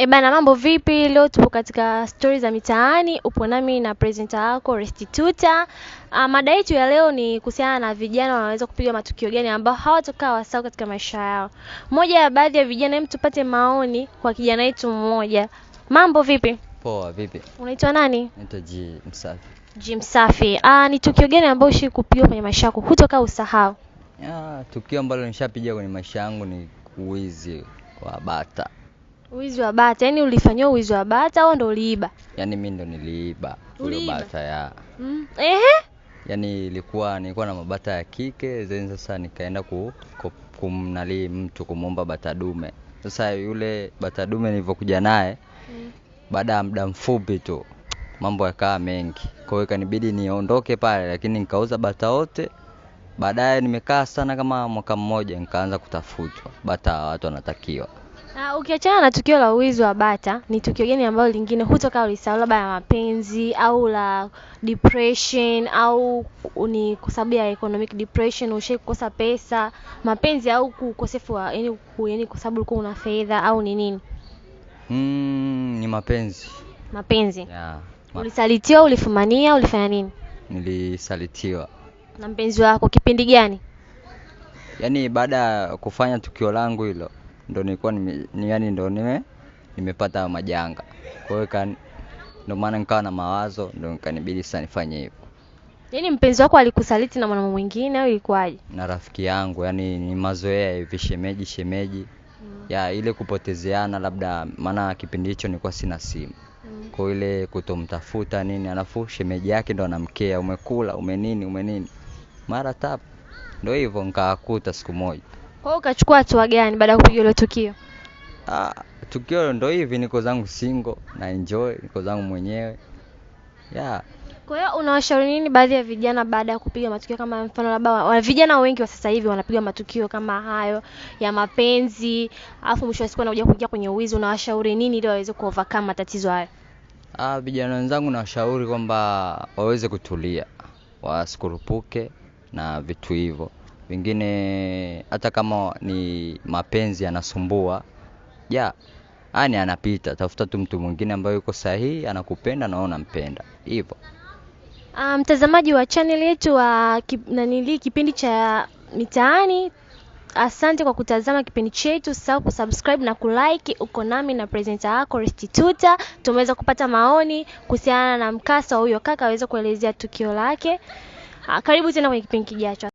E bana, mambo vipi? Leo tupo katika stori za mitaani, upo nami na presenter wako Restituta. Ah, mada yetu ya leo ni kuhusiana na vijana wanaweza kupiga matukio gani ambao hawatokaa wasawa katika maisha yao. Moja ya baadhi ya vijana, hem, tupate maoni kwa kijana wetu mmoja. Mambo vipi? Poa, vipi? Unaitwa nani? Naitwa G Msafi. G Msafi. Ah, ni tukio gani ambao ushi kupiga kwenye maisha yako hutokaa usahau? Ah, tukio ambalo nishapiga kwenye maisha yangu ni kuizi kwa bata Wizi wa bata, yaani ulifanyiwa wizi wa bata au ndo uliiba? Yaani mimi ndo niliiba Uliiba? bata ya. Mm. Ehe. Yaani ilikuwa nilikuwa na mabata ya kike, then sasa nikaenda ku, ku, kumnali mtu kumwomba bata dume. Sasa yule bata dume nilivyokuja naye Mm. baada ya muda mfupi tu mambo yakawa mengi. Kwa hiyo ikanibidi niondoke pale lakini nikauza bata wote. Baadaye nimekaa sana kama mwaka mmoja nikaanza kutafutwa. Bata watu wanatakiwa. Na ah, ukiachana na tukio la uwizi wa bata, ni tukio gani ambalo lingine hutoka ulisahau, labda ya mapenzi au la depression au ni kwa sababu ya economic depression, ushai kukosa pesa, mapenzi au kukosefu wa yani, yani kwa sababu ulikuwa una fedha au ni nini? Mm, ni mapenzi. Mapenzi. Yeah. Ma ulisalitiwa, ulifumania, ulifanya nini? Nilisalitiwa. Na mpenzi wako kipindi gani? Yaani baada ya kufanya tukio langu hilo ndo nilikuwa ni, yani ndo nime nimepata majanga. Kwa hiyo ndo maana nikawa na mawazo, ndo nikanibidi sasa nifanye hivyo. Yaani mpenzi wako alikusaliti na mwanamume mwingine au ilikuwaje? Na rafiki yangu, yani ni mazoea hivi shemeji shemeji. Mm. Ya ile kupotezeana labda maana kipindi hicho nilikuwa sina simu. Mm. Kwa ile kutomtafuta nini, alafu shemeji yake ndo anamkea umekula, umenini, umenini. Mara tap. Ndo hivyo nkawakuta siku moja. Kwa hiyo ukachukua hatua gani baada ya kupiga ile tukio? Ah, tukio ndo hivi, niko zangu single na enjoy, niko zangu mwenyewe yeah. Kwa hiyo unawashauri nini baadhi ya vijana baada ya kupiga matukio kama mfano labda wa, wa vijana wengi wa sasa hivi wanapiga matukio kama hayo ya mapenzi, alafu mwisho wa siku anakuja kuingia kwenye uwizi, unawashauri nini ili waweze kuovercome matatizo hayo? Ah, vijana wenzangu nawashauri kwamba waweze kutulia, wasikurupuke na vitu hivyo wengine hata kama ni mapenzi yanasumbua, ja ani anapita, tafuta tu mtu mwingine ambaye yuko sahihi, anakupenda na wewe unampenda hivyo. Ah, Mtazamaji wa channel yetu wa kip, nanili kipindi cha mitaani Asante kwa kutazama kipindi chetu. Usisahau kusubscribe na kulike. Uko nami na presenter yako Restituta. Tumeweza kupata maoni kuhusiana na mkasa wa huyo kaka aweze kuelezea tukio lake. Ah, karibu tena kwenye kipindi kijacho.